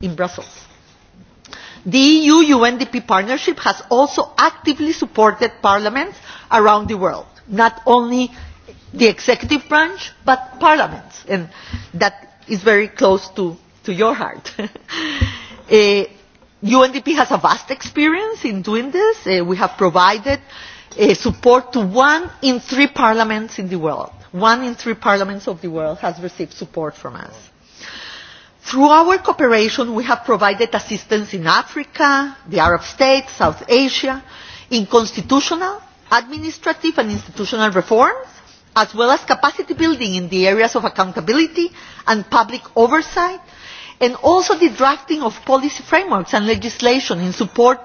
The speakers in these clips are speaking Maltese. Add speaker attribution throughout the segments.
Speaker 1: in Brussels. The EU-UNDP partnership has also actively supported parliaments around the world, not only the executive branch, but parliaments, and that is very close to, to your heart. uh, eh, UNDP has a vast experience in doing this. Uh, we have provided uh, support to one in three parliaments in the world. One in three parliaments of the world has received support from us. Through our cooperation, we have provided assistance in Africa, the Arab states, South Asia, in constitutional, administrative and institutional reforms, as well as capacity building in the areas of accountability and public oversight, and also the drafting of policy frameworks and legislation in support,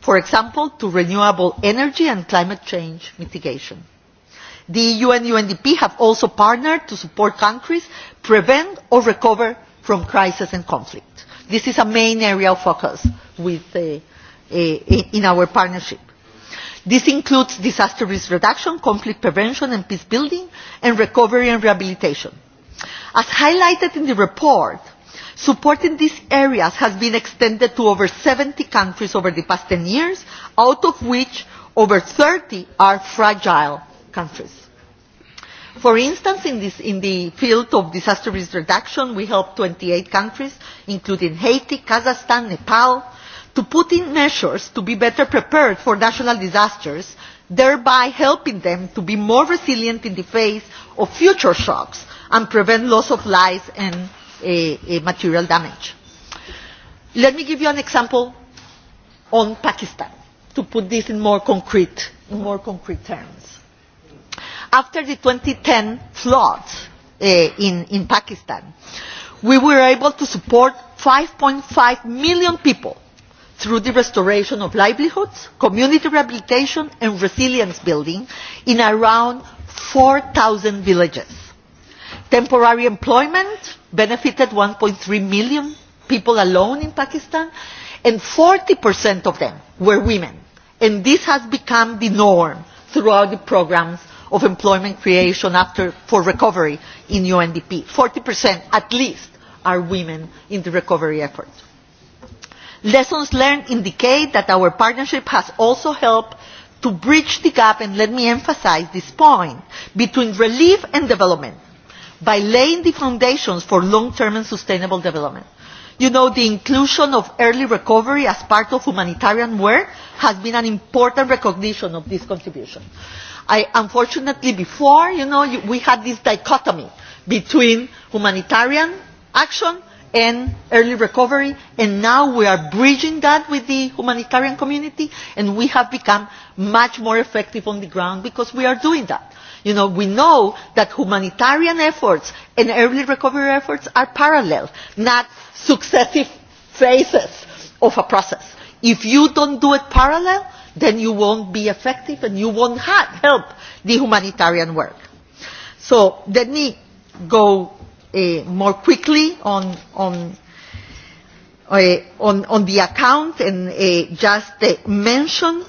Speaker 1: for example, to renewable energy and climate change mitigation. The EU and UNDP have also partnered to support countries prevent or recover from crisis and conflict. This is a main area of focus with, uh, uh, in our partnership. This includes disaster risk reduction, conflict prevention and peace building, and recovery and rehabilitation. As highlighted in the report, support in these areas has been extended to over 70 countries over the past 10 years, out of which over 30 are fragile countries. For instance, in, this, in the field of disaster risk reduction, we help 28 countries, including Haiti, Kazakhstan, Nepal, to put in measures to be better prepared for national disasters, thereby helping them to be more resilient in the face of future shocks and prevent loss of lives and uh, uh, material damage. Let me give you an example on Pakistan to put this in more concrete, in more concrete terms after the 2010 floods uh, in, in Pakistan, we were able to support 5.5 million people through the restoration of livelihoods, community rehabilitation and resilience building in around 4,000 villages. Temporary employment benefited 1.3 million people alone in Pakistan and 40% of them were women. And this has become the norm throughout the programs of employment creation after, for recovery in UNDP. 40% at least are women in the recovery effort. Lessons learned indicate that our partnership has also helped to bridge the gap, and let me emphasize this point, between relief and development by laying the foundations for long-term and sustainable development. You know, the inclusion of early recovery as part of humanitarian work has been an important recognition of this contribution. I, unfortunately, before, you know, you, we had this dichotomy between humanitarian action and early recovery, and now we are bridging that with the humanitarian community, and we have become much more effective on the ground because we are doing that. You know, we know that humanitarian efforts and early recovery efforts are parallel, not successive phases of a process. If you don't do it parallel, then you won't be effective and you won't ha help the humanitarian work. So let me go uh, more quickly on, on, uh, on, on the account and uh, just uh, mention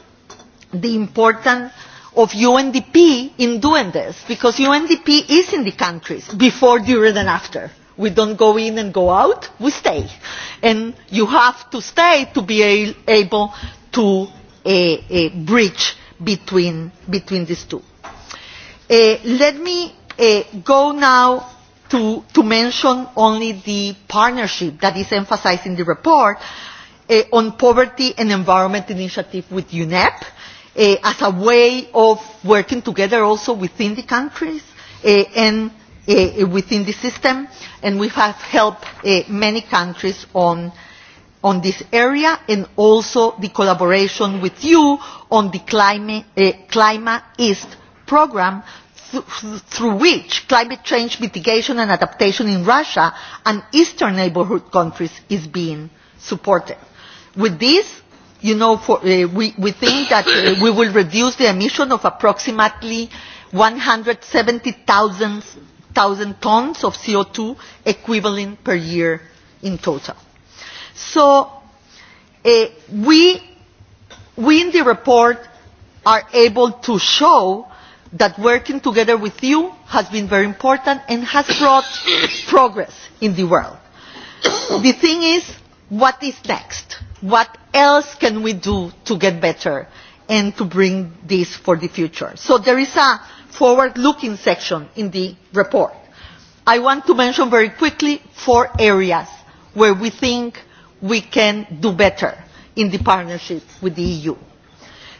Speaker 1: the importance of UNDP in doing this because UNDP is in the countries before, during and after. We don't go in and go out, we stay. And you have to stay to be able to a, a bridge between, between these two. Uh, let me uh, go now to, to mention only the partnership that is emphasized in the report uh, on poverty and environment initiative with UNEP uh, as a way of working together also within the countries uh, and uh, within the system. And we have helped uh, many countries on on this area and also the collaboration with you on the Climate, uh, Climate East program th through which climate change mitigation and adaptation in Russia and eastern neighborhood countries is being supported. With this, you know, for, uh, we, we think that uh, we will reduce the emission of approximately 170,000 tons of CO2 equivalent per year in total. So uh, we, we in the report are able to show that working together with you has been very important and has brought progress in the world. the thing is, what is next? What else can we do to get better and to bring this for the future? So there is a forward-looking section in the report. I want to mention very quickly four areas where we think we can do better in the partnership with the EU.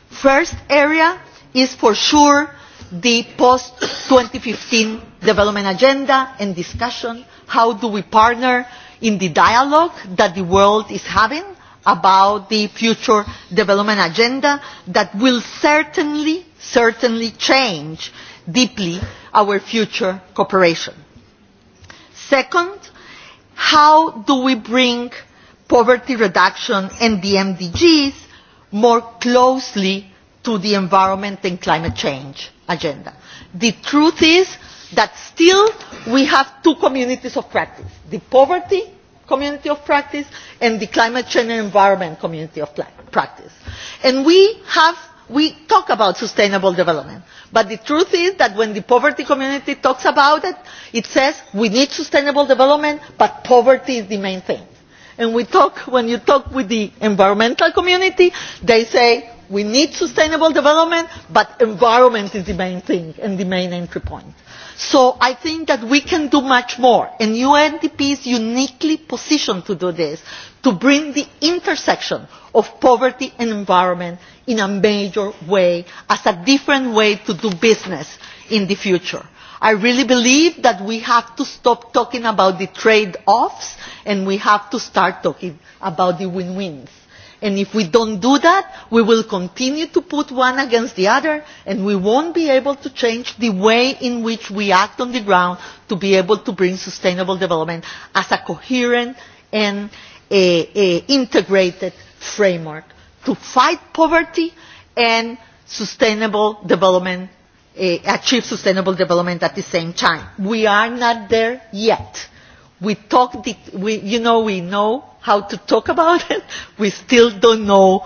Speaker 1: First area is for sure the post-2015 development agenda and discussion. How do we partner in the dialogue that the world is having about the future development agenda that will certainly, certainly change deeply our future cooperation. Second, how do we bring poverty reduction and the MDGs more closely to the environment and climate change agenda. The truth is that still we have two communities of practice, the poverty community of practice and the climate change and environment community of practice. And we have we talk about sustainable development. But the truth is that when the poverty community talks about it, it says we need sustainable development, but poverty is the main thing and we talk, when you talk with the environmental community, they say we need sustainable development, but environment is the main thing and the main entry point. So I think that we can do much more, and UNDP is uniquely positioned to do this, to bring the intersection of poverty and environment in a major way as a different way to do business in the future. I really believe that we have to stop talking about the trade-offs and we have to start talking about the win-wins. And if we don't do that, we will continue to put one against the other and we won't be able to change the way in which we act on the ground to be able to bring sustainable development as a coherent and a, a integrated framework to fight poverty and sustainable development uh, achieve sustainable development at the same time. We are not there yet. We talk, the, we, you know, we know how to talk about it. We still don't know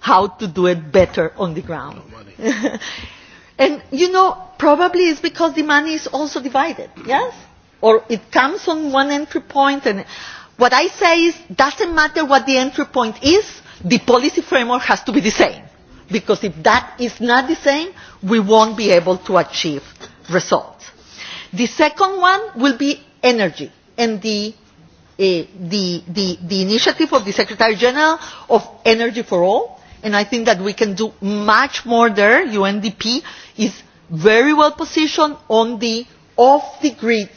Speaker 1: how to do it better on the ground. No and, you know, probably it's because the money is also divided, yes? Or it comes on one entry point and what I say is doesn't matter what the entry point is, the policy framework has to be the same. Because if that is not the same, we won't be able to achieve results. The second one will be energy and the, uh, the, the, the initiative of the Secretary General of Energy for All. And I think that we can do much more there. UNDP is very well positioned on the off-the-grid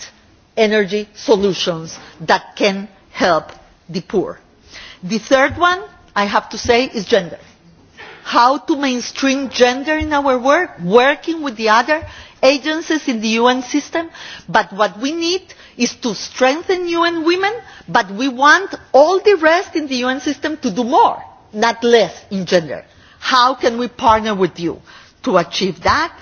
Speaker 1: energy solutions that can help the poor. The third one, I have to say, is gender how to mainstream gender in our work, working with the other agencies in the UN system. But what we need is to strengthen UN women, but we want all the rest in the UN system to do more, not less in gender. How can we partner with you to achieve that?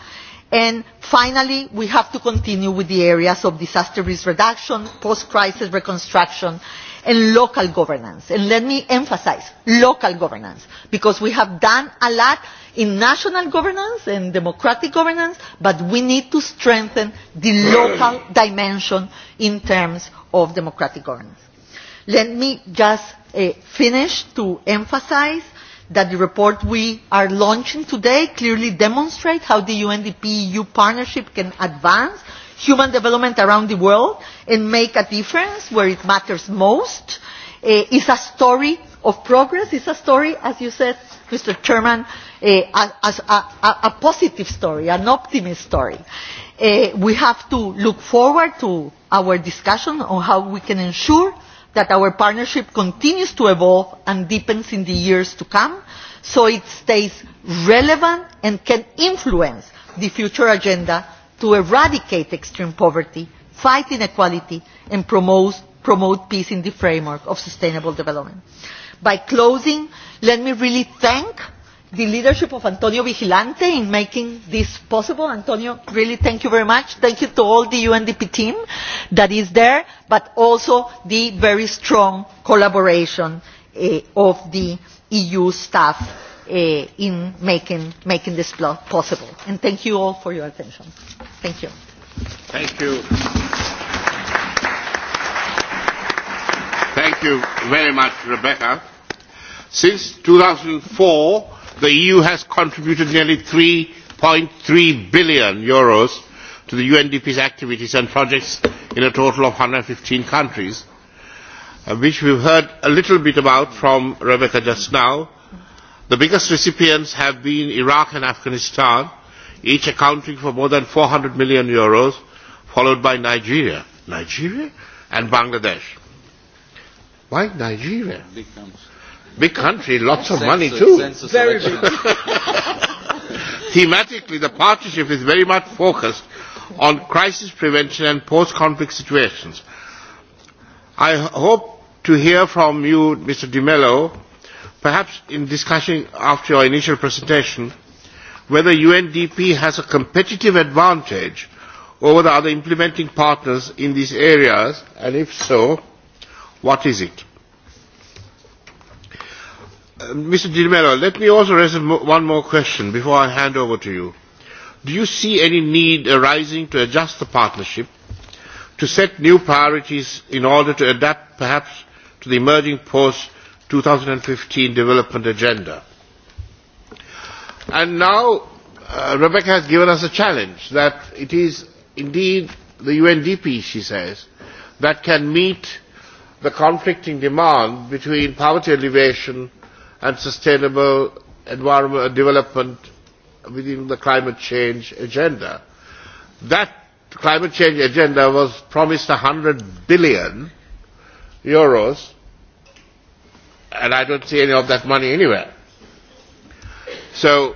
Speaker 1: And finally, we have to continue with the areas of disaster risk reduction, post-crisis reconstruction, in local governance. And let me emphasize local governance, because we have done a lot in national governance and democratic governance, but we need to strengthen the local dimension in terms of democratic governance. Let me just uh, finish to emphasize that the report we are launching today clearly demonstrates how the UNDP-EU e partnership can advance human development around the world and make a difference where it matters most. Uh, it's a story of progress. It's a story, as you said, Mr. Chairman, uh, as a, a, a positive story, an optimist story. Uh, we have to look forward to our discussion on how we can ensure that our partnership continues to evolve and deepens in the years to come so it stays relevant and can influence the future agenda to eradicate extreme poverty, fight inequality, and promote, promote peace in the framework of sustainable development. By closing, let me really thank the leadership of Antonio Vigilante in making this possible. Antonio, really thank you very much. Thank you to all the UNDP team that is there, but also the very strong collaboration uh, of the EU staff uh, in making, making this plot possible. And thank you all for your attention. Thank you.
Speaker 2: Thank you. Thank you very much, Rebecca. Since 2004, the EU has contributed nearly 3.3 billion euros to the UNDP's activities and projects in a total of 115 countries, uh, which we've heard a little bit about from Rebecca just now The biggest recipients have been Iraq and Afghanistan, each accounting for more than 400 million euros, followed by Nigeria. Nigeria and Bangladesh. Why Nigeria? Big country. Big country, lots of sense money too. of very big. Thematically, the partnership is very much focused on crisis prevention and post-conflict situations. I hope to hear from you, Mr. Di Mello, perhaps in discussing after your initial presentation whether UNDP has a competitive advantage over the other implementing partners in these areas, and if so, what is it? Uh, Mr. Dilmero, let me also raise one more question before I hand over to you. Do you see any need arising to adjust the partnership, to set new priorities in order to adapt perhaps to the emerging post 2015 development agenda. And now uh, Rebecca has given us a challenge that it is indeed the UNDP, she says, that can meet the conflicting demand between poverty alleviation and sustainable environment development within the climate change agenda. That climate change agenda was promised 100 billion euros and I don't see any of that money anywhere. So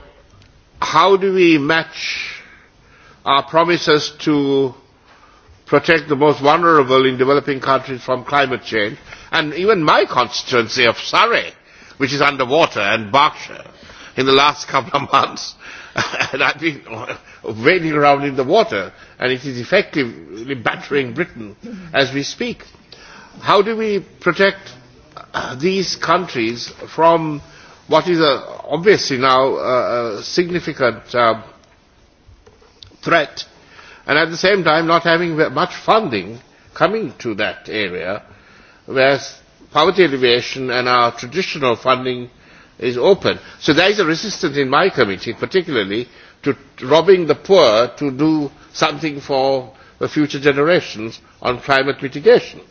Speaker 2: how do we match our promises to protect the most vulnerable in developing countries from climate change? And even my constituency of Surrey, which is underwater, and Berkshire, in the last couple of months, and I've been wading around in the water, and it is effectively battering Britain as we speak. How do we protect these countries from what is a, obviously now a, a significant uh, threat and at the same time not having much funding coming to that area where poverty alleviation and our traditional funding is open. So there is a resistance in my committee particularly to robbing the poor to do something for the future generations on climate mitigation.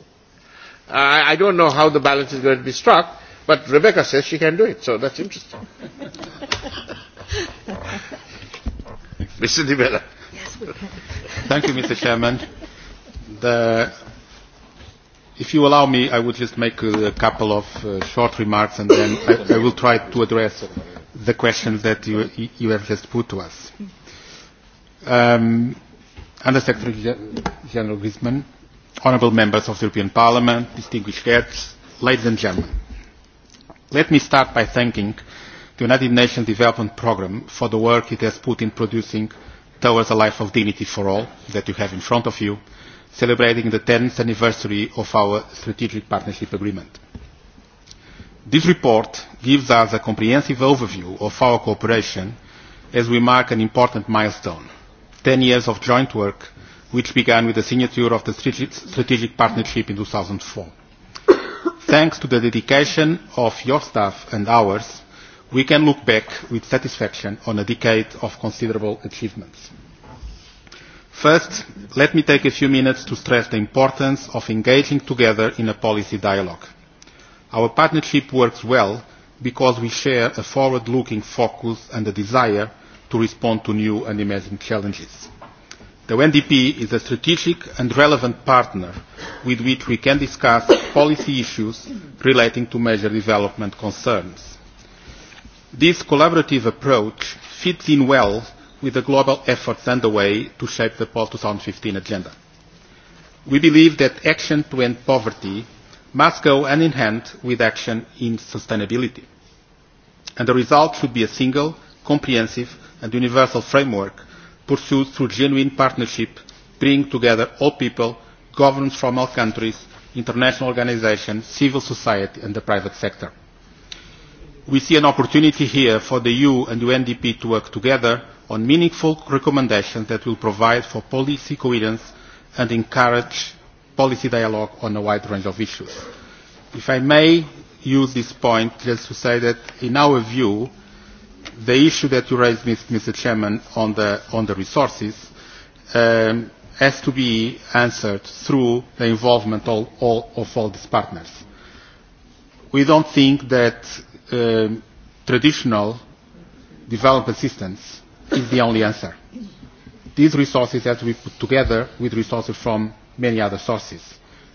Speaker 2: I, I don't know how the balance is going to be struck, but Rebecca says she can do it, so that's interesting.
Speaker 3: Mr. Dibella. Bella. Thank you, Mr. Chairman. The, if you allow me, I would just make a couple of uh, short remarks and then I, I will try to address the questions that you, you have just put to us. Um, Under Secretary General Grisman, honourable members of the European Parliament, distinguished guests, ladies and gentlemen. Let me start by thanking the United Nations Development Programme for the work it has put in producing towards a life of dignity for all that you have in front of you, celebrating the 10th anniversary of our Strategic Partnership Agreement. This report gives us a comprehensive overview of our cooperation as we mark an important milestone, 10 years of joint work which began with the signature of the strategic partnership in 2004. Thanks to the dedication of your staff and ours, we can look back with satisfaction on a decade of considerable achievements. First, let me take a few minutes to stress the importance of engaging together in a policy dialogue. Our partnership works well because we share a forward-looking focus and a desire to respond to new and emerging challenges. The NDP is a strategic and relevant partner with which we can discuss policy issues relating to major development concerns. This collaborative approach fits in well with the global efforts underway to shape the post-2015 agenda. We believe that action to end poverty must go hand in hand with action in sustainability. And the result should be a single, comprehensive and universal framework pursued through genuine partnership, bringing together all people, governments from all countries, international organizations, civil society and the private sector. We see an opportunity here for the EU and UNDP to work together on meaningful recommendations that will provide for policy coherence and encourage policy dialogue on a wide range of issues. If I may use this point just to say that in our view, the issue that you raised, Mr. Chairman, on the, on the resources um, has to be answered through the involvement of all, of all these partners. We don't think that um, traditional development assistance is the only answer. These resources have to be put together with resources from many other sources,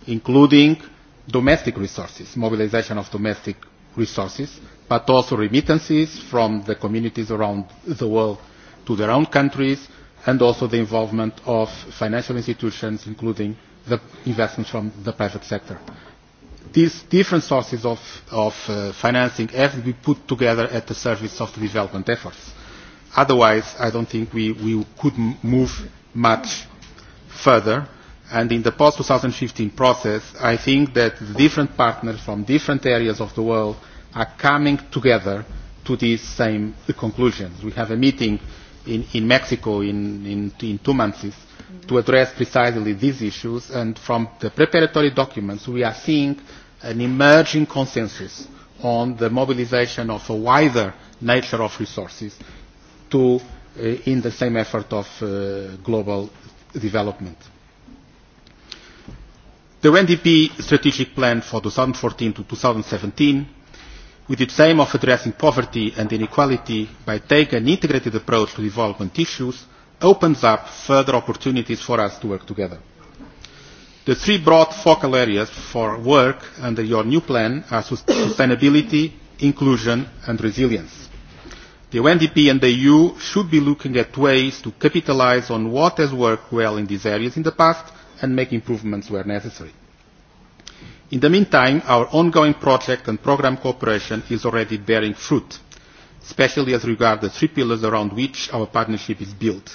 Speaker 3: including domestic resources, mobilization of domestic resources, but also remittances from the communities around the world to their own countries, and also the involvement of financial institutions, including the investments from the private sector. These different sources of, of uh, financing have to be put together at the service of the development efforts. Otherwise, I don't think we, we could move much further And in the post-2015 process, I think that the different partners from different areas of the world are coming together to these same conclusions. We have a meeting in, in Mexico in, in, in two months mm -hmm. to mm-hmm. address precisely these issues. And from the preparatory documents, we are seeing an emerging consensus on the mobilization of a wider nature of resources to, uh, in the same effort of uh, global development. The UNDP strategic plan for 2014 to 2017, with its aim of addressing poverty and inequality by taking an integrated approach to development issues, opens up further opportunities for us to work together. The three broad focal areas for work under your new plan are sustainability, inclusion and resilience. The UNDP and the EU should be looking at ways to capitalize on what has worked well in these areas in the past and make improvements where necessary. In the meantime, our ongoing project and program cooperation is already bearing fruit, especially as regards the three pillars around which our partnership is built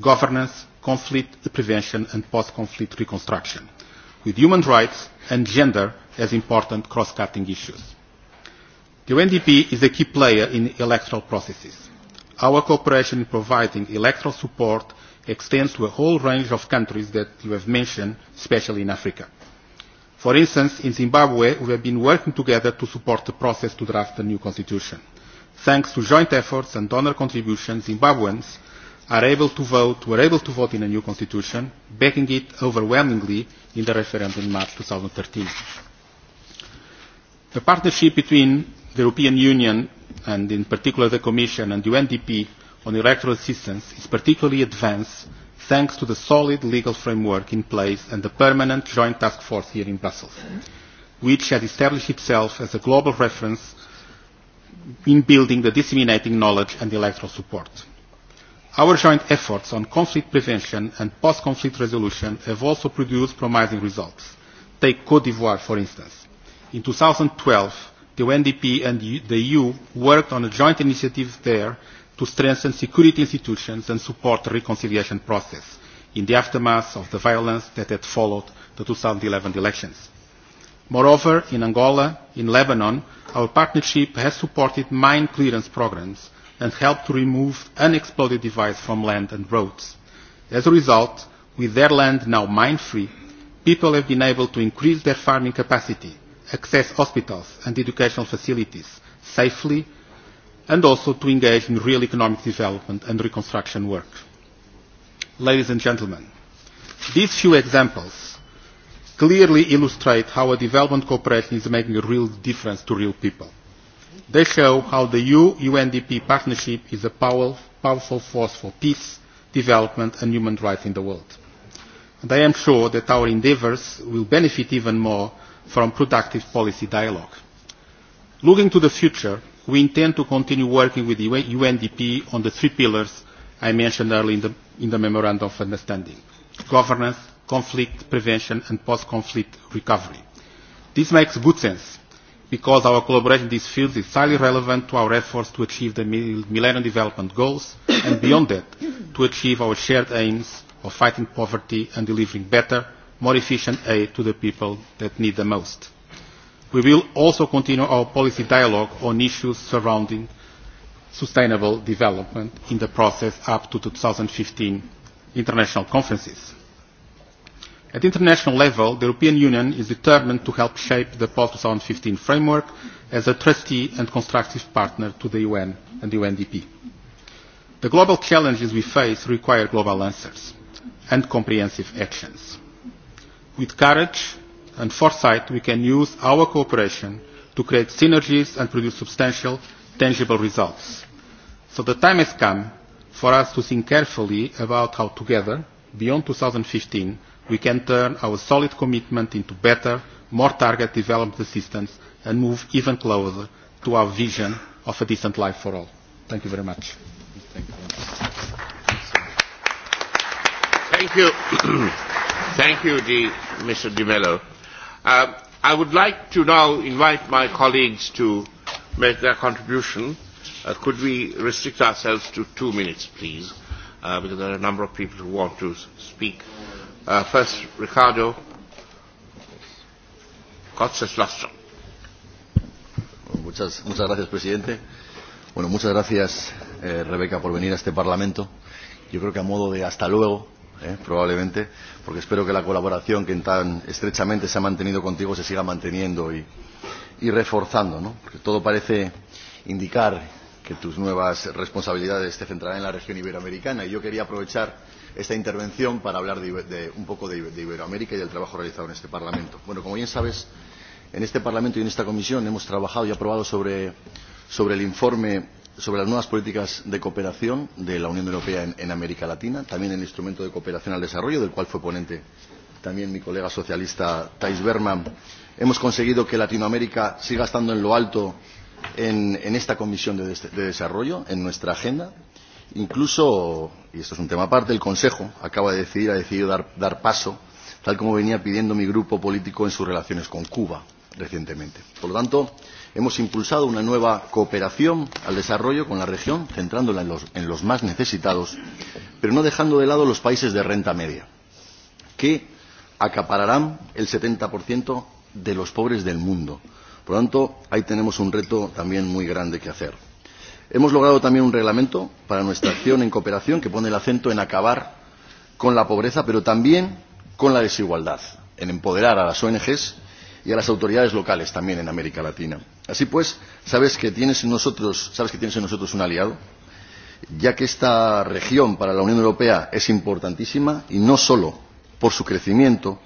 Speaker 3: governance, conflict prevention and post-conflict reconstruction, with human rights and gender as important cross-cutting issues. The UNDP is a key player in electoral processes. Our cooperation in providing electoral support extends to a whole range of countries that you have mentioned, especially in Africa. For instance, in Zimbabwe, we have been working together to support the process to draft a new constitution. Thanks to joint efforts and donor contributions, Zimbabweans are able to vote, were able to vote in a new constitution, backing it overwhelmingly in the referendum in March 2013. The partnership between the European Union and in particular the Commission and the UNDP on electoral systems is particularly advanced thanks to the solid legal framework in place and the permanent joint task force here in Brussels, which has established itself as a global reference in building the disseminating knowledge and electoral support. Our joint efforts on conflict prevention and post-conflict resolution have also produced promising results. Take Cote d'Ivoire, for instance. In 2012, the UNDP and the EU worked on a joint initiative there to strengthen security institutions and support the reconciliation process in the aftermath of the violence that had followed the 2011 elections. Moreover, in Angola, in Lebanon, our partnership has supported mine clearance programs and helped to remove unexploded devices from land and roads. As a result, with their land now mine-free, people have been able to increase their farming capacity, access hospitals and educational facilities safely and also to engage in real economic development and reconstruction work. Ladies and gentlemen, these few examples clearly illustrate how a development cooperation is making a real difference to real people. They show how the EU-UNDP partnership is a power, powerful force for peace, development and human rights in the world. And I am sure that our endeavours will benefit even more from productive policy dialogue. Looking to the future, we intend to continue working with the UNDP on the three pillars I mentioned earlier in the, in the Memorandum of Understanding governance, conflict prevention and post-conflict recovery. This makes good sense because our collaboration in these fields is highly relevant to our efforts to achieve the Millennium Development Goals and beyond that to achieve our shared aims of fighting poverty and delivering better, more efficient aid to the people that need the most. We will also continue our policy dialogue on issues surrounding sustainable development in the process up to 2015 international conferences. At international level, the European Union is determined to help shape the post-2015 framework as a trustee and constructive partner to the UN and the UNDP. The global challenges we face require global answers and comprehensive actions. With courage, and foresight, we can use our cooperation to create synergies and produce substantial, tangible results. So the time has come for us to think carefully about how together, beyond 2015, we can turn our solid commitment into better, more targeted development assistance and move even closer to our vision of a decent life for all. Thank you very much.
Speaker 4: Thank you.
Speaker 2: Thank you, Thank you Di, Mr. Di Mello. Uh, I would like to now invite my colleagues to make their contribution. Uh, could we restrict ourselves to two minutes, please, uh, because there are a number of people who want to speak. Uh, first, Ricardo
Speaker 5: Cotzes Lastro. Muchas, muchas gracias, presidente. Bueno, muchas gracias, eh, Rebeca, por venir a este Parlamento. Yo creo que a modo de hasta luego ¿eh? probablemente, porque espero que la colaboración que tan estrechamente se ha mantenido contigo se siga manteniendo y, y reforzando, ¿no? porque todo parece indicar que tus nuevas responsabilidades te centrarán en la región iberoamericana y yo quería aprovechar esta intervención para hablar de, de, un poco de, de Iberoamérica y del trabajo realizado en este Parlamento. Bueno, como bien sabes, en este Parlamento y en esta Comisión hemos trabajado y aprobado sobre, sobre el informe sobre las nuevas políticas de cooperación de la Unión Europea en, en América Latina, también el instrumento de cooperación al desarrollo, del cual fue ponente también mi colega socialista Thijs Berman. Hemos conseguido que Latinoamérica siga estando en lo alto en, en esta Comisión de, des de Desarrollo, en nuestra agenda. Incluso, y esto es un tema aparte, el Consejo acaba de decidir, ha decidido dar, dar paso, tal como venía pidiendo mi grupo político en sus relaciones con Cuba recientemente. Por lo tanto, Hemos impulsado una nueva cooperación al desarrollo con la región, centrándola en los, en los más necesitados, pero no dejando de lado los países de renta media, que acapararán el 70% de los pobres del mundo. Por lo tanto, ahí tenemos un reto también muy grande que hacer. Hemos logrado también un reglamento para nuestra acción en cooperación que pone el acento en acabar con la pobreza, pero también con la desigualdad, en empoderar a las ONGs y a las autoridades locales también en América Latina. Así pues, sabes que tienes en nosotros, sabes que tienes en nosotros un aliado, ya que esta región para la Unión Europea es importantísima y no solo por su crecimiento,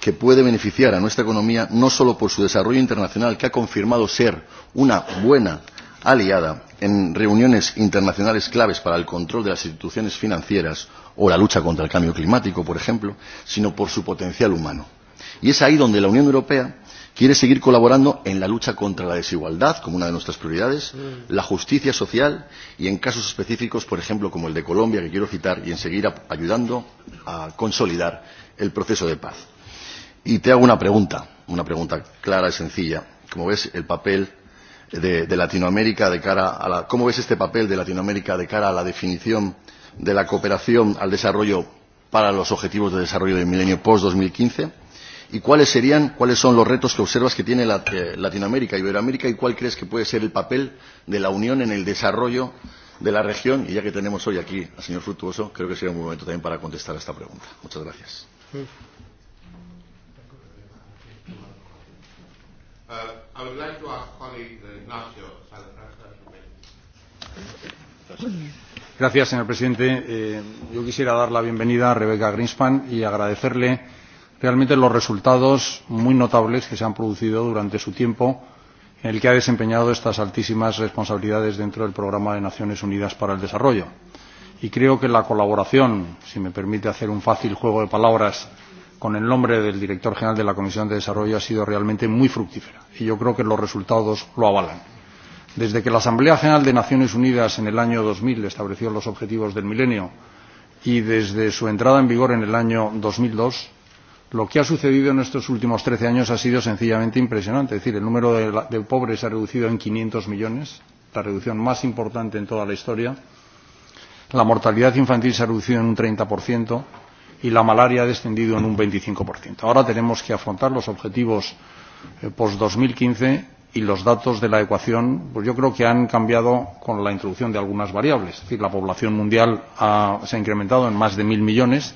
Speaker 5: que puede beneficiar a nuestra economía no solo por su desarrollo internacional, que ha confirmado ser una buena aliada en reuniones internacionales claves para el control de las instituciones financieras o la lucha contra el cambio climático, por ejemplo, sino por su potencial humano. Y es ahí donde la Unión Europea quiere seguir colaborando en la lucha contra la desigualdad, como una de nuestras prioridades, mm. la justicia social y en casos específicos, por ejemplo, como el de Colombia, que quiero citar, y en seguir a, ayudando a consolidar el proceso de paz. Y te hago una pregunta, una pregunta clara y sencilla. ¿Cómo ves, el papel de, de Latinoamérica de cara a la, ¿cómo ves este papel de Latinoamérica de cara a la definición de la cooperación al desarrollo para los objetivos de desarrollo del milenio post-2015? y cuáles serían, cuáles son los retos que observas que tiene la, eh, Latinoamérica, Iberoamérica y cuál crees que puede ser el papel de la Unión en el desarrollo de la región. Y ya que tenemos hoy aquí al señor Fructuoso, creo que sería un buen momento también para contestar a esta pregunta. Muchas gracias.
Speaker 6: Eh,
Speaker 7: gracias, señor presidente. Eh, yo quisiera dar la bienvenida a Rebeca Greenspan y agradecerle realmente los resultados muy notables que se han producido durante su tiempo en el que ha desempeñado estas altísimas responsabilidades dentro del programa de Naciones Unidas para el Desarrollo. Y creo que la colaboración, si me permite hacer un fácil juego de palabras con el nombre del director general de la Comisión de Desarrollo, ha sido realmente muy fructífera. Y yo creo que los resultados lo avalan. Desde que la Asamblea General de Naciones Unidas en el año 2000 estableció los objetivos del milenio y desde su entrada en vigor en el año 2002, Lo que ha sucedido en estos últimos 13 años ha sido sencillamente impresionante. Es decir, el número de, la, de pobres ha reducido en 500 millones, la reducción más importante en toda la historia. La mortalidad infantil se ha reducido en un 30% y la malaria ha descendido en un 25%. Ahora tenemos que afrontar los objetivos eh, post-2015 y los datos de la ecuación, pues yo creo que han cambiado con la introducción de algunas variables. Es decir, la población mundial ha, se ha incrementado en más de mil millones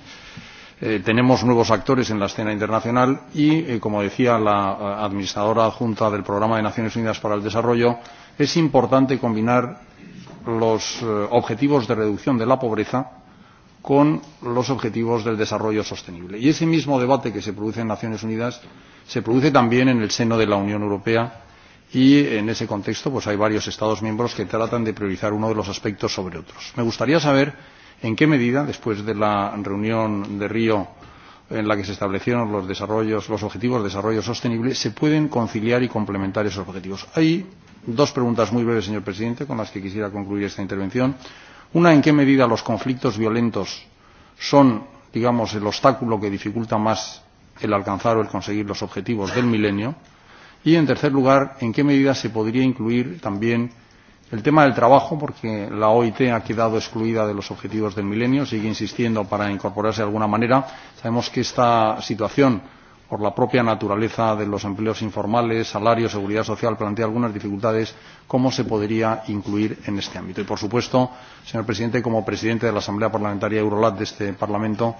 Speaker 7: Eh, tenemos nuevos actores en la escena internacional y, eh, como decía la eh, administradora adjunta del Programa de Naciones Unidas para el Desarrollo, es importante combinar los eh, objetivos de reducción de la pobreza con los objetivos del desarrollo sostenible. Y ese mismo debate que se produce en Naciones Unidas se produce también en el seno de la Unión Europea y en ese contexto pues hay varios Estados miembros que tratan de priorizar uno de los aspectos sobre otros. Me gustaría saber ¿En qué medida, después de la reunión de Río en la que se establecieron los, desarrollos, los objetivos de desarrollo sostenible, se pueden conciliar y complementar esos objetivos? Hay dos preguntas muy breves, señor presidente, con las que quisiera concluir esta intervención. Una, ¿en qué medida los conflictos violentos son, digamos, el obstáculo que dificulta más el alcanzar o el conseguir los objetivos del milenio? Y, en tercer lugar, ¿en qué medida se podría incluir también El tema del trabajo, porque la OIT ha quedado excluida de los objetivos del milenio, sigue insistiendo para incorporarse de alguna manera. Sabemos que esta situación, por la propia naturaleza de los empleos informales, salario, seguridad social, plantea algunas dificultades, cómo se podría incluir en este ámbito. Y, por supuesto, señor presidente, como presidente de la Asamblea Parlamentaria Eurolat de este Parlamento,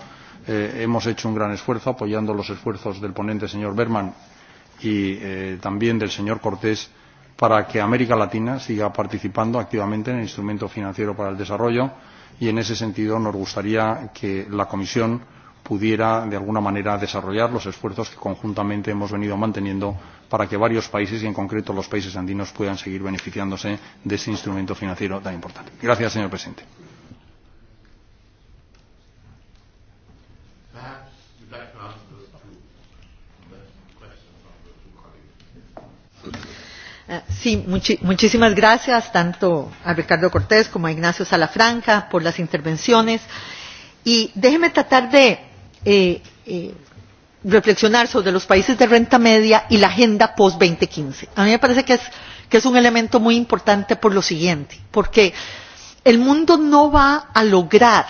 Speaker 7: eh, hemos hecho un gran esfuerzo apoyando los esfuerzos del ponente, señor Berman, y eh, también del señor Cortés, para que América Latina siga participando activamente en el instrumento financiero para el desarrollo y en ese sentido nos gustaría que la Comisión pudiera de alguna manera desarrollar los esfuerzos que conjuntamente hemos venido manteniendo para que varios países y en concreto los países andinos puedan seguir beneficiándose de ese instrumento financiero tan importante. Gracias, señor presidente.
Speaker 1: Eh, sí, muchísimas gracias tanto a Ricardo Cortés como a Ignacio Salafranca por las intervenciones. Y déjeme tratar de eh, eh, reflexionar sobre los países de renta media y la agenda post-2015. A mí me parece que es, que es un elemento muy importante por lo siguiente, porque el mundo no va a lograr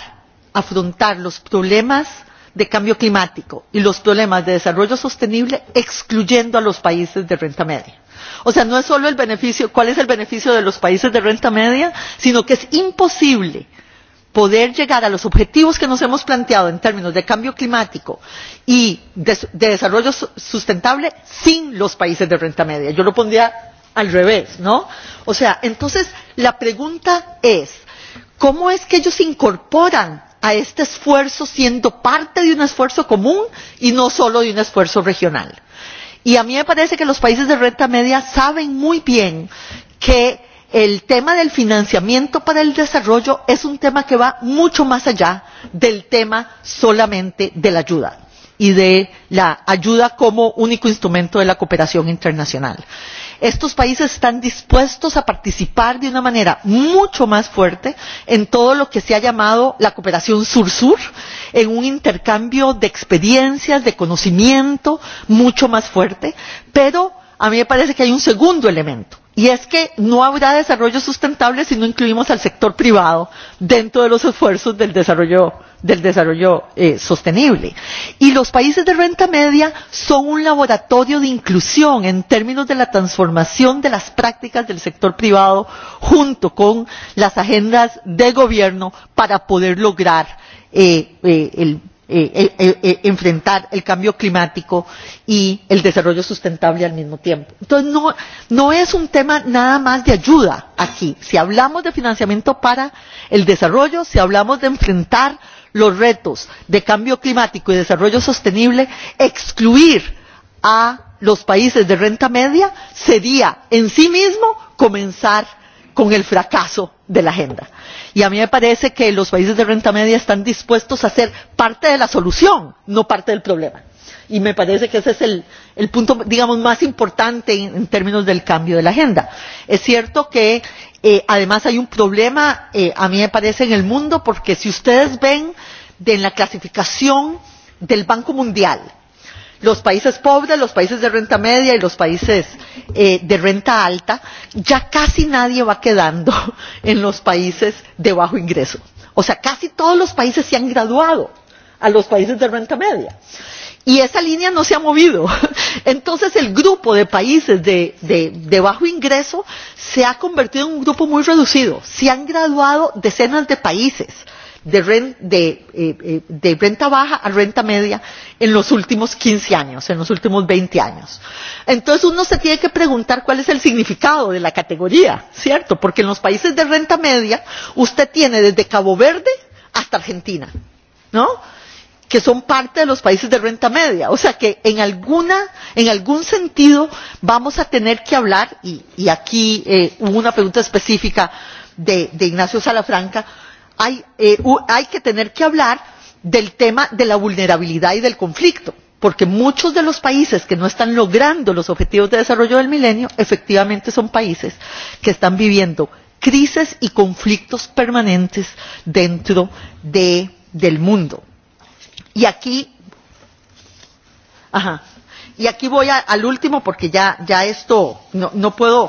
Speaker 1: afrontar los problemas de cambio climático y los problemas de desarrollo sostenible excluyendo a los países de renta media. O sea, no es solo el beneficio, cuál es el beneficio de los países de renta media, sino que es imposible poder llegar a los objetivos que nos hemos planteado en términos de cambio climático y de, de desarrollo sustentable sin los países de renta media. Yo lo pondría al revés, ¿no? O sea, entonces la pregunta es, ¿cómo es que ellos incorporan a este esfuerzo siendo parte de un esfuerzo común y no solo de un esfuerzo regional? Y a mí me parece que los países de renta media saben muy bien que el tema del financiamiento para el desarrollo es un tema que va mucho más allá del tema solamente de la ayuda y de la ayuda como único instrumento de la cooperación internacional. Estos países están dispuestos a participar de una manera mucho más fuerte en todo lo que se ha llamado la cooperación sur-sur en un intercambio de experiencias, de conocimiento mucho más fuerte, pero a mí me parece que hay un segundo elemento. Y es que no habrá desarrollo sustentable si no incluimos al sector privado dentro de los esfuerzos del desarrollo, del desarrollo eh, sostenible. Y los países de renta media son un laboratorio de inclusión en términos de la transformación de las prácticas del sector privado junto con las agendas de gobierno para poder lograr eh, eh, el, eh, eh, eh, enfrentar el cambio climático y el desarrollo sustentable al mismo tiempo. Entonces, no, no es un tema nada más de ayuda aquí. Si hablamos de financiamiento para el desarrollo, si hablamos de enfrentar los retos de cambio climático y desarrollo sostenible, excluir a los países de renta media sería en sí mismo comenzar con el fracaso de la agenda. Y a mí me parece que los países de renta media están dispuestos a ser parte de la solución, no parte del problema. Y me parece que ese es el, el punto, digamos, más importante en, en términos del cambio de la agenda. Es cierto que eh, además hay un problema, eh, a mí me parece, en el mundo, porque si ustedes ven de la clasificación del Banco Mundial, los países pobres, los países de renta media y los países eh, de renta alta, ya casi nadie va quedando en los países de bajo ingreso. O sea, casi todos los países se han graduado a los países de renta media. Y esa línea no se ha movido. Entonces el grupo de países de, de, de bajo ingreso se ha convertido en un grupo muy reducido. Se han graduado decenas de países de, rent, de, eh, eh, de renta baja a renta media en los últimos 15 años, en los últimos 20 años. Entonces uno se tiene que preguntar cuál es el significado de la categoría, ¿cierto? Porque en los países de renta media usted tiene desde Cabo Verde hasta Argentina, ¿no? que son parte de los países de renta media. O sea que en, alguna, en algún sentido vamos a tener que hablar, y, y aquí eh, hubo una pregunta específica de, de Ignacio Salafranca, hay, eh, hay que tener que hablar del tema de la vulnerabilidad y del conflicto, porque muchos de los países que no están logrando los objetivos de desarrollo del milenio efectivamente son países que están viviendo crisis y conflictos permanentes dentro de, del mundo. Y aquí, ajá, y aquí voy a, al último porque ya, ya esto no, no, puedo,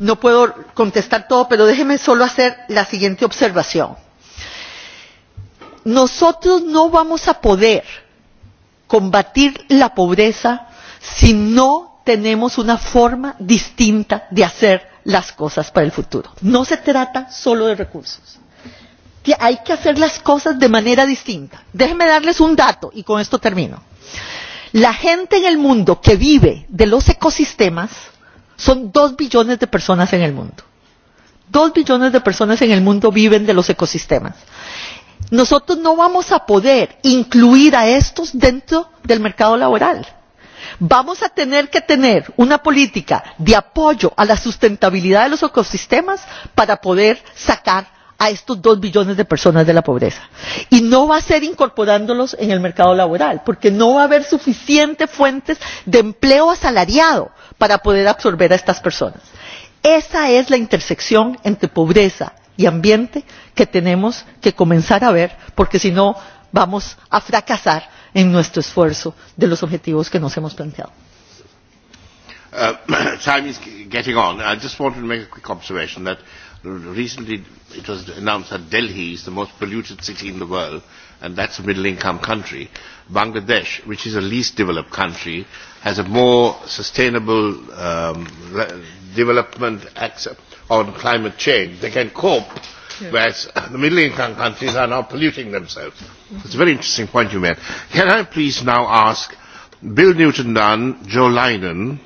Speaker 1: no puedo contestar todo, pero déjeme solo hacer la siguiente observación nosotros no vamos a poder combatir la pobreza si no tenemos una forma distinta de hacer las cosas para el futuro. No se trata solo de recursos. Que hay que hacer las cosas de manera distinta. Déjenme darles un dato y con esto termino. La gente en el mundo que vive de los ecosistemas son dos billones de personas en el mundo. Dos billones de personas en el mundo viven de los ecosistemas nosotros no vamos a poder incluir a estos dentro del mercado laboral. Vamos a tener que tener una política de apoyo a la sustentabilidad de los ecosistemas para poder sacar a estos dos billones de personas de la pobreza. Y no va a ser incorporándolos en el mercado laboral, porque no va a haber suficientes fuentes de empleo asalariado para poder absorber a estas personas. Esa es la intersección entre pobreza y ambiente que tenemos que comenzar a ver, porque si no vamos a fracasar en nuestro esfuerzo de los objetivos que nos hemos planteado.
Speaker 2: Uh, time is getting on. I just wanted to make a quick observation that recently it was announced that Delhi is the most polluted city in the world, and that's a middle-income country. Bangladesh, which is a least developed country, has a more sustainable um, development acts on climate change. They can cope, yeah. whereas the middle-income countries are now polluting themselves. It's a very interesting point you made. Can I please now ask Bill Newton-Dunn, Joe Linen,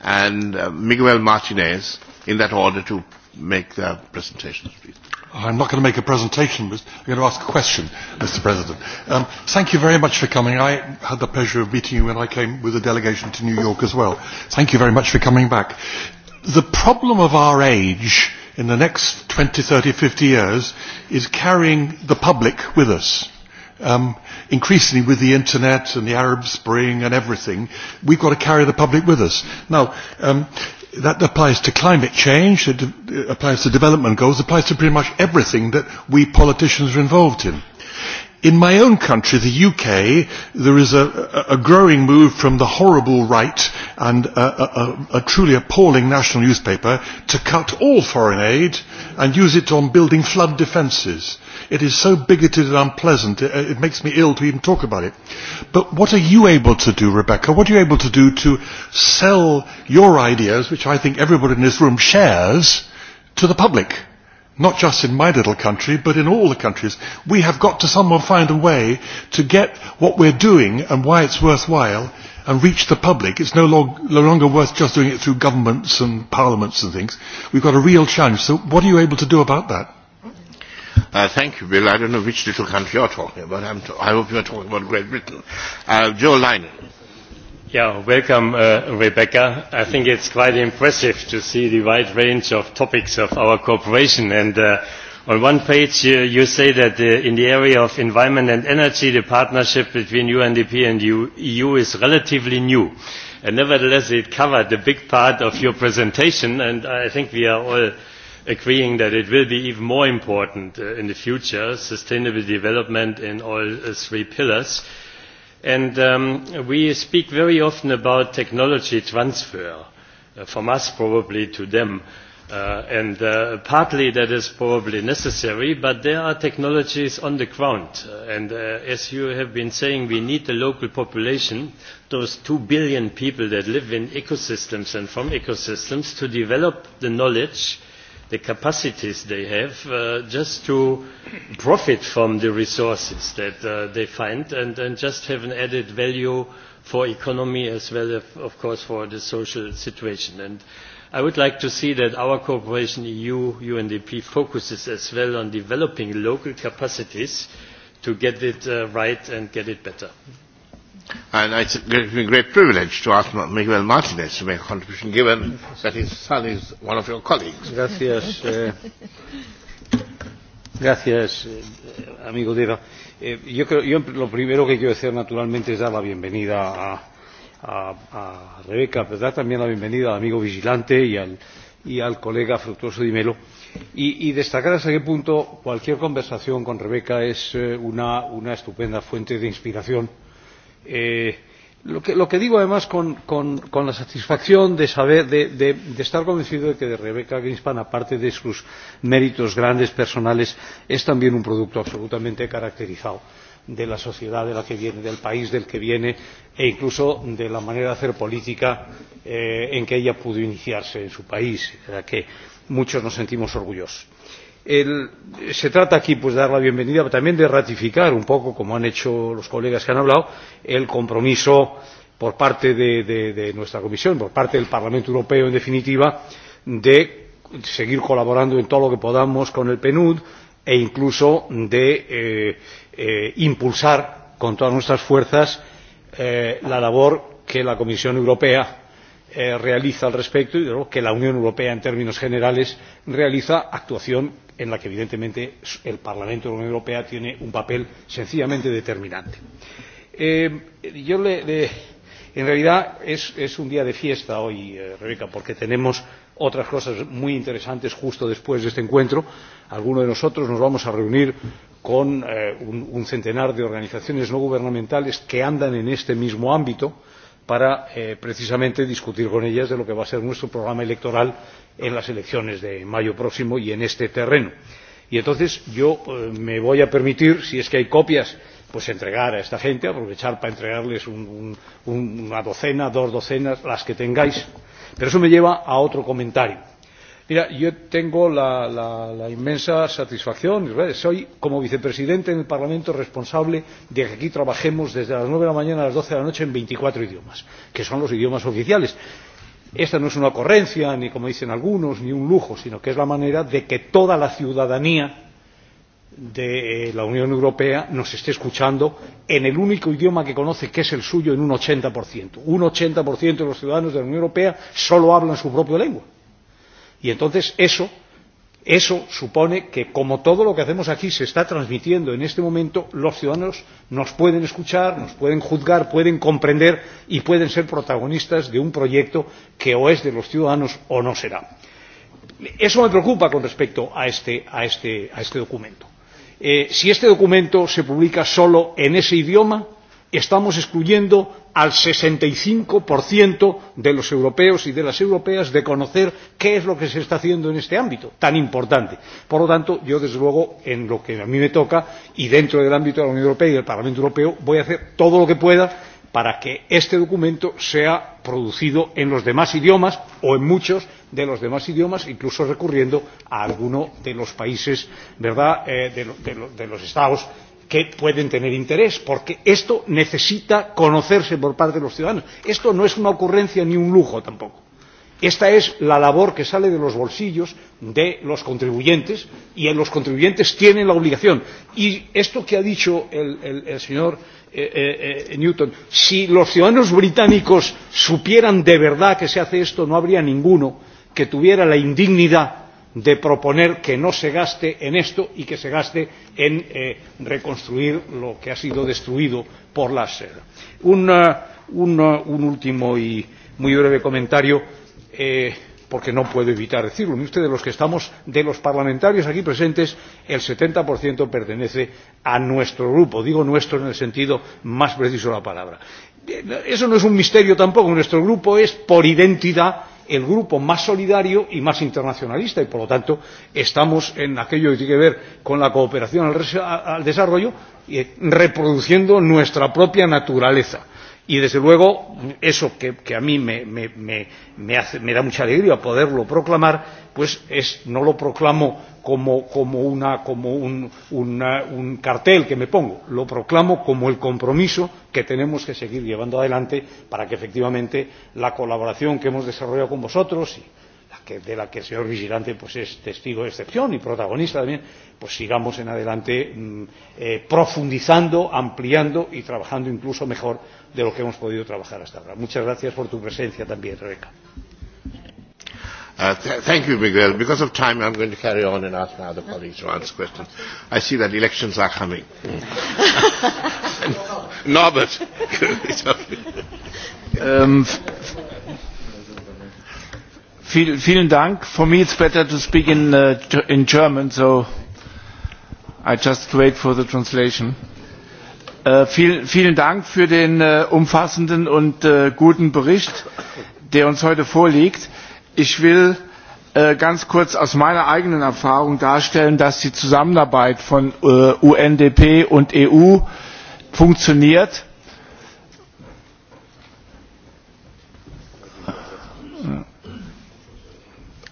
Speaker 2: and uh, Miguel Martinez, in that order to make their presentations, please.
Speaker 4: I'm not going to make a presentation, but I'm going to ask a question, Mr. President. Um, thank you very much for coming. I had the pleasure of meeting you when I came with a delegation to New York as well. Thank you very much for coming back. The problem of our age in the next 20, 30, 50 years is carrying the public with us um, increasingly with the internet and the Arab Spring and everything, we've got to carry the public with us. Now, um, that applies to climate change, it applies to development goals, it applies to pretty much everything that we politicians are involved in. In my own country, the UK, there is a, a growing move from the horrible right and a, a, a truly appalling national newspaper to cut all foreign aid and use it on building flood defences It is so bigoted and unpleasant, it, it makes me ill to even talk about it. But what are you able to do, Rebecca? What are you able to do to sell your ideas, which I think everybody in this room shares, to the public? not just in my little country, but in all the countries, we have got to somehow find a way to get what we're doing and why it's worthwhile and reach the public. It's no, log no longer worth just doing it through governments and parliaments and things. We've got a real challenge. So what are you able to do about that? Uh, thank you, Bill.
Speaker 2: I don't know which little country you're talking about. I'm t I hope you're talking about Great Britain. Uh, Joe Leinen.
Speaker 6: Yeah, welcome, uh, Rebecca. I think it's quite impressive to see the wide range of topics of our cooperation. And uh, on one page, you, uh, you say that uh, in the area of environment and energy, the partnership between UNDP and EU e is relatively new. And nevertheless, it covered a big part of your presentation, and I think we are all agreeing that it will be even more important uh, in the future, sustainable development in all uh, three pillars. And um, we speak very often about technology transfer, uh, from us probably to them. Uh, and uh, partly that is probably necessary, but there are technologies on the ground. Uh, and uh, as you have been saying, we need the local population, those two billion people that live in ecosystems and from ecosystems, to develop the knowledge the capacities they have uh, just to profit from the resources that uh, they find and, and just have an added value for economy as well, as, of course, for the social situation. And I would like to see that our cooperation, EU, UNDP, focuses as well on developing local capacities to get it uh, right and get it better.
Speaker 2: And it's a great privilege to ask Miguel Martinez to make a contribution, given that his son is
Speaker 8: one of your colleagues. Gracias. Eh, gracias, eh, amigo Deva. Eh, yo, creo, yo lo primero que quiero hacer naturalmente, es dar la bienvenida a, a, a Rebeca, pero dar también la bienvenida al amigo vigilante y al, y al colega Fructuoso Di Melo. Y, y destacar hasta qué punto cualquier conversación con Rebeca es eh, una, una estupenda fuente de inspiración Eh, lo, que, lo que digo además con, con, con la satisfacción de saber, de, de, de estar convencido de que de Rebeca Greenspan, aparte de sus méritos grandes personales, es también un producto absolutamente caracterizado de la sociedad de la que viene, del país del que viene e incluso de la manera de hacer política eh, en que ella pudo iniciarse en su país, de la que muchos nos sentimos orgullosos. El, se trata aquí pues de dar la bienvenida, pero también de ratificar un poco, como han hecho los colegas que han hablado, el compromiso por parte de, de, de nuestra Comisión, por parte del Parlamento Europeo, en definitiva, de seguir colaborando en todo lo que podamos con el PNUD e incluso de eh, eh, impulsar con todas nuestras fuerzas eh, la labor que la Comisión Europea eh, realiza al respecto y que la Unión Europea, en términos generales, realiza actuación en la que, evidentemente, el Parlamento de la Unión Europea tiene un papel sencillamente determinante. Eh, yo le, le, en realidad es, es un día de fiesta hoy, eh, Rebeca, porque tenemos otras cosas muy interesantes justo después de este encuentro. Algunos de nosotros nos vamos a reunir con eh, un, un centenar de organizaciones no gubernamentales que andan en este mismo ámbito para eh, precisamente discutir con ellas de lo que va a ser nuestro programa electoral en las elecciones de mayo próximo y en este terreno. Y entonces yo eh, me voy a permitir, si es que hay copias, pues entregar a esta gente, aprovechar para entregarles un, un, una docena, dos docenas, las que tengáis. Pero eso me lleva a otro comentario Mira, yo tengo la, la, la inmensa satisfacción, ¿verdad? soy como vicepresidente en el Parlamento responsable de que aquí trabajemos desde las 9 de la mañana a las 12 de la noche en 24 idiomas, que son los idiomas oficiales. Esta no es una ocurrencia, ni como dicen algunos, ni un lujo, sino que es la manera de que toda la ciudadanía de eh, la Unión Europea nos esté escuchando en el único idioma que conoce, que es el suyo, en un 80%. Un 80% de los ciudadanos de la Unión Europea solo hablan su propia lengua Y entonces eso, eso supone que, como todo lo que hacemos aquí se está transmitiendo en este momento, los ciudadanos nos pueden escuchar, nos pueden juzgar, pueden comprender y pueden ser protagonistas de un proyecto que o es de los ciudadanos o no será. Eso me preocupa con respecto a este, a este, a este documento. Eh, si este documento se publica solo en ese idioma, estamos excluyendo al 65% de los europeos y de las europeas de conocer qué es lo que se está haciendo en este ámbito tan importante. Por lo tanto, yo desde luego, en lo que a mí me toca y dentro del ámbito de la Unión Europea y del Parlamento Europeo, voy a hacer todo lo que pueda para que este documento sea producido en los demás idiomas o en muchos de los demás idiomas, incluso recurriendo a alguno de los países, ¿verdad?, eh, de, lo, de, lo, de los estados que pueden tener interés, porque esto necesita conocerse por parte de los ciudadanos. Esto no es una ocurrencia ni un lujo tampoco. Esta es la labor que sale de los bolsillos de los contribuyentes y los contribuyentes tienen la obligación. Y esto que ha dicho el, el, el señor eh, eh, eh, Newton, si los ciudadanos británicos supieran de verdad que se hace esto, no habría ninguno que tuviera la indignidad de proponer que no se gaste en esto y que se gaste en eh, reconstruir lo que ha sido destruido por la SER. Un, eh, un, eh, un último y muy breve comentario, eh, porque no puedo evitar decirlo. Usted de los que estamos, de los parlamentarios aquí presentes, el 70% pertenece a nuestro grupo. Digo nuestro en el sentido más preciso de la palabra. Eh, eso no es un misterio tampoco. Nuestro grupo es, por identidad, el grupo más solidario y más internacionalista y por lo tanto estamos en aquello que tiene que ver con la cooperación al, al desarrollo eh, reproduciendo nuestra propia naturaleza. Y desde luego eso que, que a mí me, me, me, me, hace, me da mucha alegría poderlo proclamar, pues es, no lo proclamo como, como, una, como un, una, eh, un cartel que me pongo, lo proclamo como el compromiso que tenemos que seguir llevando adelante para que efectivamente la colaboración que hemos desarrollado con vosotros y la que, de la que el señor vigilante pues, es testigo de excepción y protagonista también, pues sigamos en adelante mm, eh, profundizando, ampliando y trabajando incluso mejor de lo que hemos podido trabajar hasta ahora. Muchas gracias por tu presencia también, Rebeca.
Speaker 2: Uh, thank you, Miguel. Because of time, I'm going to carry on and ask my other colleagues to answer questions. I see that elections are coming. Norbert. um,
Speaker 9: vielen Dank. For me, it's better to speak in, uh, in German, so I just wait for the translation. Uh, viel, vielen Dank für den uh, umfassenden und uh, guten Bericht, der uns heute vorliegt. Ich will äh, ganz kurz aus meiner eigenen Erfahrung darstellen, dass die Zusammenarbeit von äh, UNDP und EU funktioniert.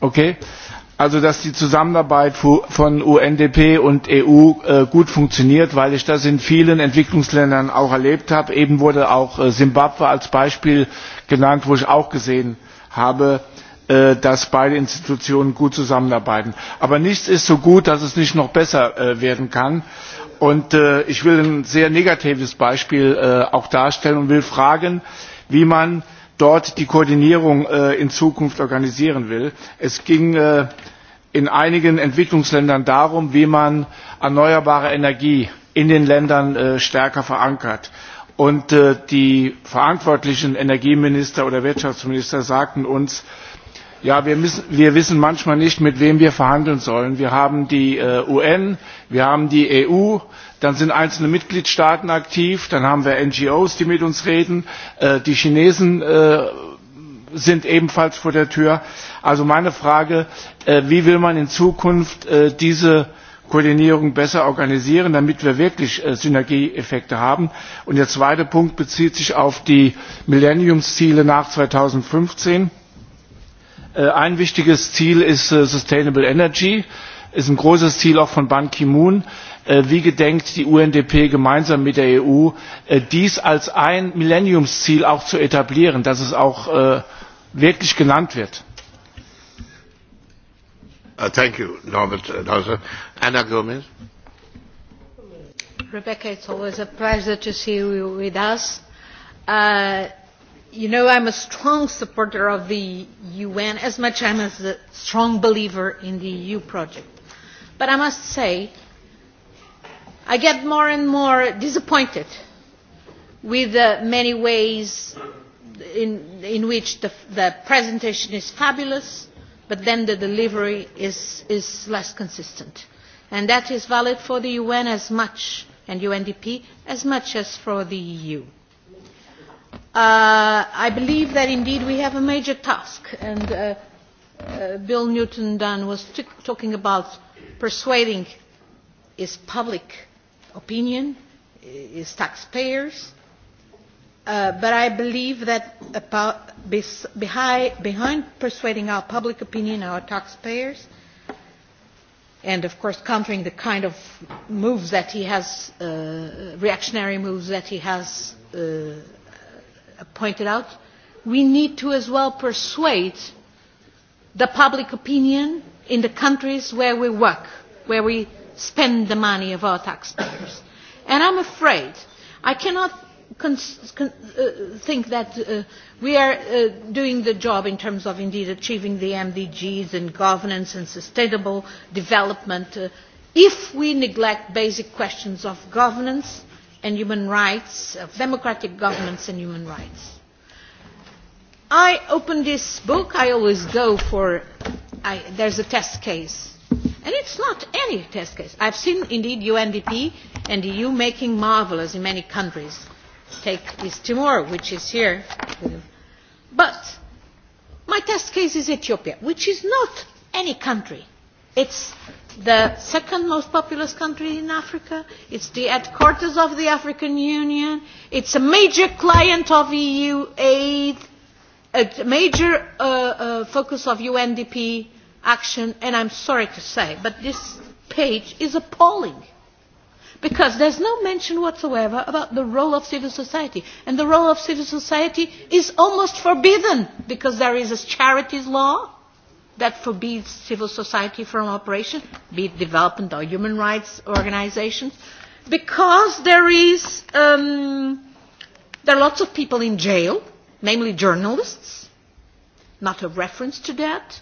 Speaker 9: Okay. Also, dass die Zusammenarbeit von UNDP und EU äh, gut funktioniert, weil ich das in vielen Entwicklungsländern auch erlebt habe. Eben wurde auch äh, Simbabwe äh, als Beispiel genannt, wo ich auch gesehen habe, Äh, dass beide Institutionen gut zusammenarbeiten. Aber nichts ist so gut, dass es nicht noch besser äh, werden kann. Und äh, ich will ein sehr negatives Beispiel auch darstellen und will fragen, wie man dort die Koordinierung in Zukunft organisieren will. Es ging in einigen Entwicklungsländern darum, wie man erneuerbare Energie in den Ländern stärker verankert. Und die verantwortlichen Energieminister oder Wirtschaftsminister sagten uns, Ja, wir, müssen, wir wissen manchmal nicht, mit wem wir verhandeln sollen. Wir haben die äh, UN, wir haben die EU, dann sind einzelne Mitgliedstaaten aktiv, dann haben wir NGOs, die mit uns reden, äh, die Chinesen äh, sind ebenfalls vor der Tür. Also meine Frage, äh, wie will man in Zukunft äh, diese Koordinierung besser organisieren, damit wir wirklich äh, Synergieeffekte haben. Und der zweite Punkt bezieht sich auf die Millenniumsziele nach 2015. Äh, ein wichtiges Ziel ist äh, Sustainable Energy, ist ein großes Ziel auch von Ban Ki-moon. Äh, wie gedenkt die UNDP gemeinsam mit der EU, dies als ein Millenniumsziel auch zu etablieren, dass es auch wirklich genannt wird?
Speaker 2: Uh, thank you, Norbert. Uh, Anna Gomez.
Speaker 10: Rebecca, it's always a pleasure to see you with us. Uh, You know, I'm a strong supporter of the UN as much as I'm a strong believer in the EU project. But I must say, I get more and more disappointed with the many ways in, in which the, the presentation is fabulous, but then the delivery is, is less consistent. And that is valid for the UN as much, and UNDP, as much as for the EU. Uh, I believe that indeed we have a major task, and uh, uh, Bill Newton Dunn was talking about persuading his public opinion, his taxpayers. Uh, but I believe that about behind, behind persuading our public opinion, our taxpayers, and of course countering the kind of moves that he has, uh, reactionary moves that he has. Uh, pointed out, we need to as well persuade the public opinion in the countries where we work, where we spend the money of our taxpayers. and I'm afraid I cannot con con uh, think that uh, we are uh, doing the job in terms of indeed achieving the MDGs and governance and sustainable development uh, if we neglect basic questions of governance and human rights, of uh, democratic governments and human rights. I open this book, I always go for, I, there's a test case. And it's not any test case. I've seen indeed UNDP and the EU making marvelous in many countries. Take East Timor, which is here. But my test case is Ethiopia, which is not any country. It's the second most populous country in Africa. It's the headquarters of the African Union. It's a major client of EU aid, a major uh, uh, focus of UNDP action. And I'm sorry to say, but this page is appalling because there's no mention whatsoever about the role of civil society. And the role of civil society is almost forbidden because there is a charities law that forbids civil society from operation, be it development or human rights organizations, because there is um, there are lots of people in jail, namely journalists, not a reference to that,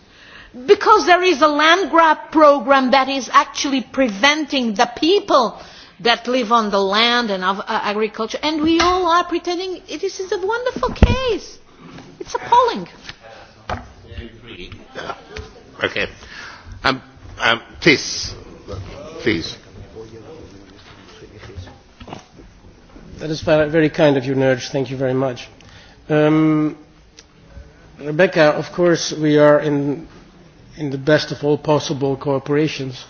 Speaker 10: because there is a land grab program that is actually preventing the people that live on the land and of uh, agriculture, and we all are pretending this is a wonderful case. It's appalling.
Speaker 2: Okay. Um, um, please, please.
Speaker 11: That is very kind of you, Nerj. Thank you very much. Um, Rebecca, of course, we are in, in the best of all possible cooperations,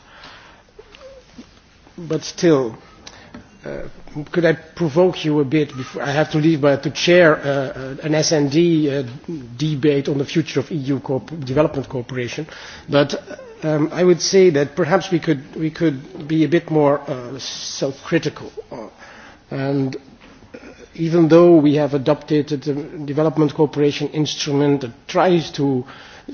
Speaker 11: but still, uh, could I provoke you a bit? Before I have to leave, but to chair uh, uh an SND uh, debate on the future of EU co development cooperation. But um, I would say that perhaps we could, we could be a bit more uh, self-critical. And uh, even though we have adopted the development cooperation instrument that tries to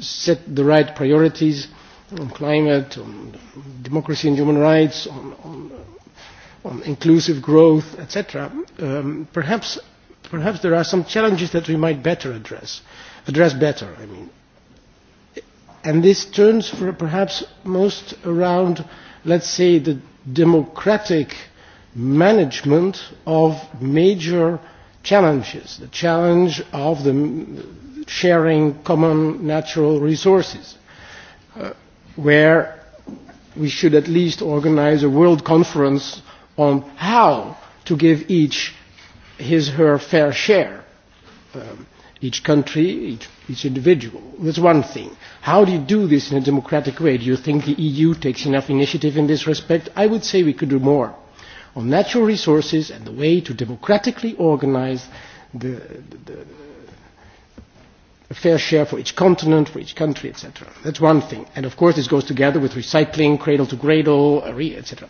Speaker 11: set the right priorities on climate, on democracy and human rights, on, on on um, inclusive growth, etc., um, perhaps, perhaps there are some challenges that we might better address, address better, I mean. And this turns for perhaps most around, let's say, the democratic management of major challenges, the challenge of the sharing common natural resources, uh, where we should at least organize a world conference on how to give each his her fair share, um, each country, each, each individual. That's one thing. How do you do this in a democratic way? Do you think the EU takes enough initiative in this respect? I would say we could do more on natural resources and the way to democratically organize the, the, the a fair share for each continent, for each country, etc. That's one thing. And of course this goes together with recycling, cradle to cradle, etc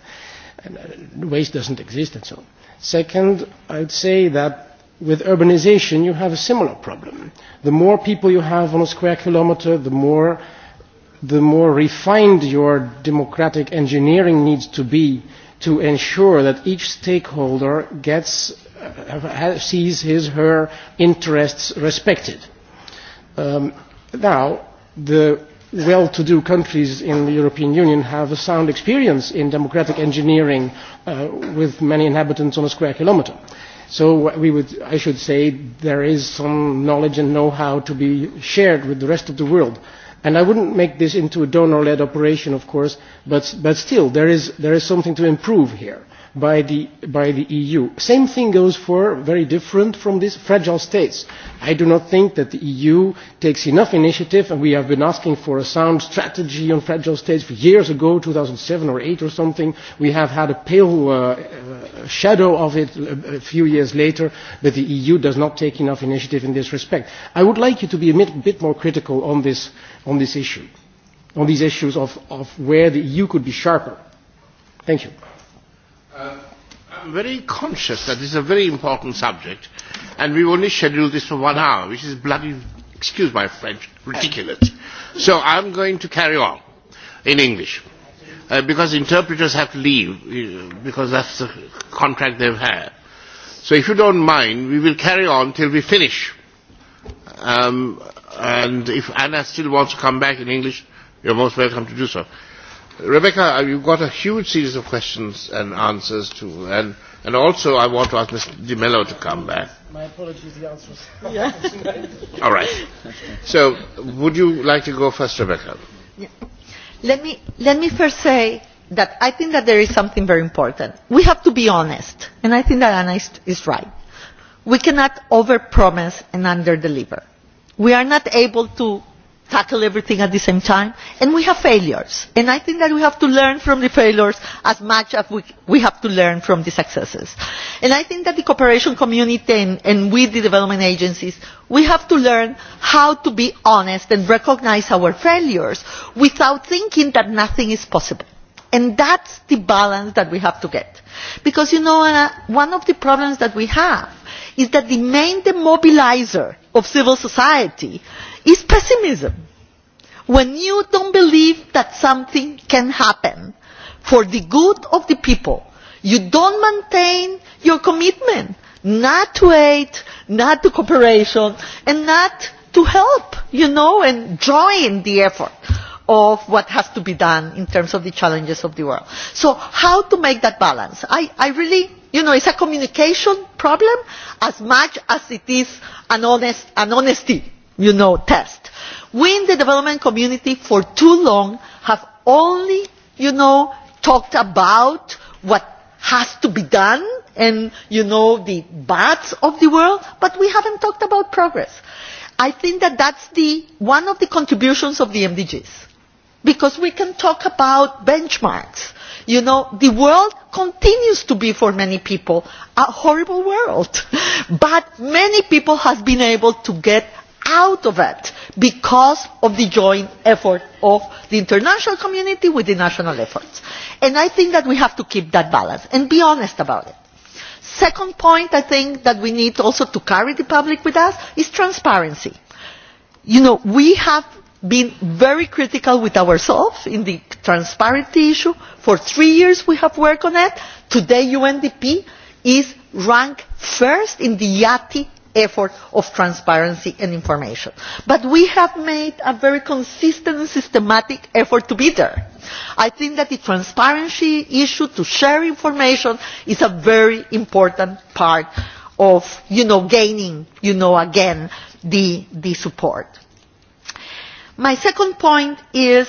Speaker 11: and uh, waste doesn't exist and so on. Second, I would say that with urbanization you have a similar problem. The more people you have on a square kilometer, the more, the more refined your democratic engineering needs to be to ensure that each stakeholder gets, uh, sees his, her interests respected. Um, now, the well-to-do countries in the European Union have a sound experience in democratic engineering uh, with many inhabitants on a square kilometre. So we would, I should say there is some knowledge and know-how to be shared with the rest of the world. And I wouldn't make this into a donor-led operation, of course, but, but still, there is, there is something to improve here by the, by the EU. Same thing goes for, very different from this, fragile states. I do not think that the EU takes enough initiative, and we have been asking for a sound strategy on fragile states for years ago, 2007 or 8 or something. We have had a pale uh, uh shadow of it a few years later, but the EU does not take enough initiative in this respect. I would like you to be a bit, bit more critical on this, on this issue, on these issues of, of where the EU could be sharper. Thank you
Speaker 2: am very conscious that this is a very important subject, and we only scheduled this for one hour, which is bloody, excuse my French, ridiculous. So I'm going to carry on in English, uh, because interpreters have to leave, uh, because that's the contract they've had. So if you don't mind, we will carry on till we finish. Um, and if Anna still wants to come back in English, you're most welcome to do so. Rebecca, uh, you've got a huge series of questions and answers to, and, and also I want to ask Mr. Di Mello to come back.
Speaker 11: My apologies, the answer was yeah. All right.
Speaker 2: So, would you like to go first, Rebecca?
Speaker 1: Yeah. Let, me, let me first say that I think that there is something very important. We have to be honest, and I think that Anna is, is right. We cannot overpromise and underdeliver. We are not able to tackle everything at the same time. And we have failures. And I think that we have to learn from the failures as much as we, we have to learn from the successes. And I think that the cooperation community and, and with the development agencies, we have to learn how to be honest and recognize our failures without thinking that nothing is possible. And that's the balance that we have to get. Because, you know, uh, one of the problems that we have is that the main demobilizer of civil society is pessimism. When you don't believe that something can happen for the good of the people, you don't maintain your commitment not to aid, not to cooperation, and not to help, you know, and join the effort of what has to be done in terms of the challenges of the world. So how to make that balance? I, I really, you know, it's a communication problem as much as it is an, honest, an honesty you know, test. We in the development community for too long have only, you know, talked about what has to be done and, you know, the bads of the world, but we haven't talked about progress. I think that that's the, one of the contributions of the MDGs. Because we can talk about benchmarks. You know, the world continues to be for many people a horrible world. But many people have been able to get out of it because of the joint effort of the international community with the national efforts. And I think that we have to keep that balance and be honest about it. Second point I think that we need also to carry the public with us is transparency. You know, we have been very critical with ourselves in the transparency issue. For three years we have worked on it. Today UNDP is ranked first in the YATI effort of transparency and information. But we have made a very consistent and systematic effort to be there. I think that the transparency issue to share information is a very important part of, you know, gaining, you know, again, the, the support. My second point is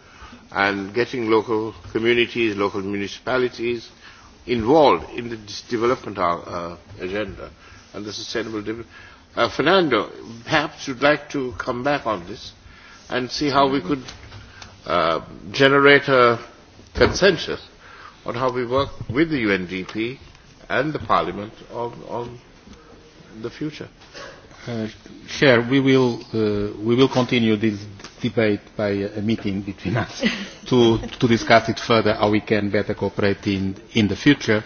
Speaker 2: and getting local communities, local municipalities involved in the development uh, agenda and the sustainable development. Uh, Fernando, perhaps you'd like to come back on this and see how we could uh, generate a consensus on how we work with the UNDP and the Parliament on, on the future. Uh,
Speaker 3: sure, we will, uh, we will continue this debate by a meeting between us to, to discuss it further how we can better cooperate in, in the future.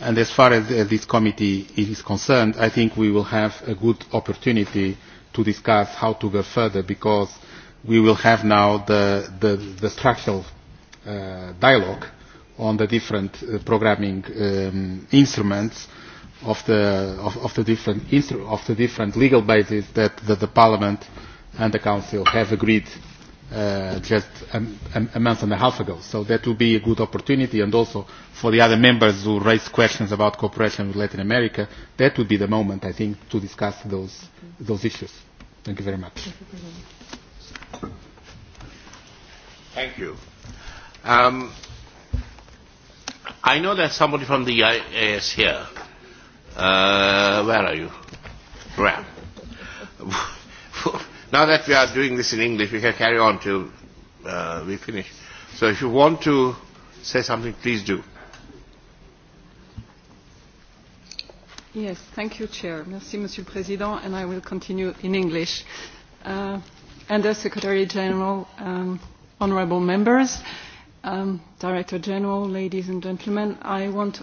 Speaker 3: And as far as uh, this committee is concerned, I think we will have a good opportunity to discuss how to go further because we will have now the, the, the structural uh, dialogue on the different uh, programming um, instruments of the, of, of, the different instru of the different legal bases that, that the Parliament and the Council have agreed uh, just a, a, a month and a half ago. So that will be a good opportunity and also for the other members who raise questions about cooperation with Latin America, that would be the moment, I think, to discuss those, those issues. Thank you very much.
Speaker 2: Thank you. Um, I know there's somebody from the IAS here. Uh, where are you? Where? Now that we are doing this in English, we can carry on till uh, we finish. So if you want to say something, please do.
Speaker 12: Yes, thank you, Chair. Merci, Monsieur le Président, and I will continue in English. Uh, the Secretary General, um, honorable members, um, Director General, ladies and gentlemen, I want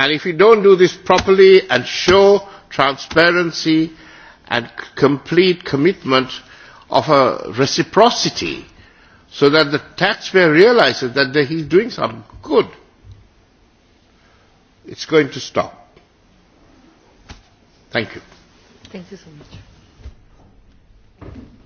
Speaker 2: And if you don't do this properly and show transparency and complete commitment of a reciprocity so that the taxpayer realizes that he's doing some good, it's going to stop. Thank you.
Speaker 1: Thank you so much.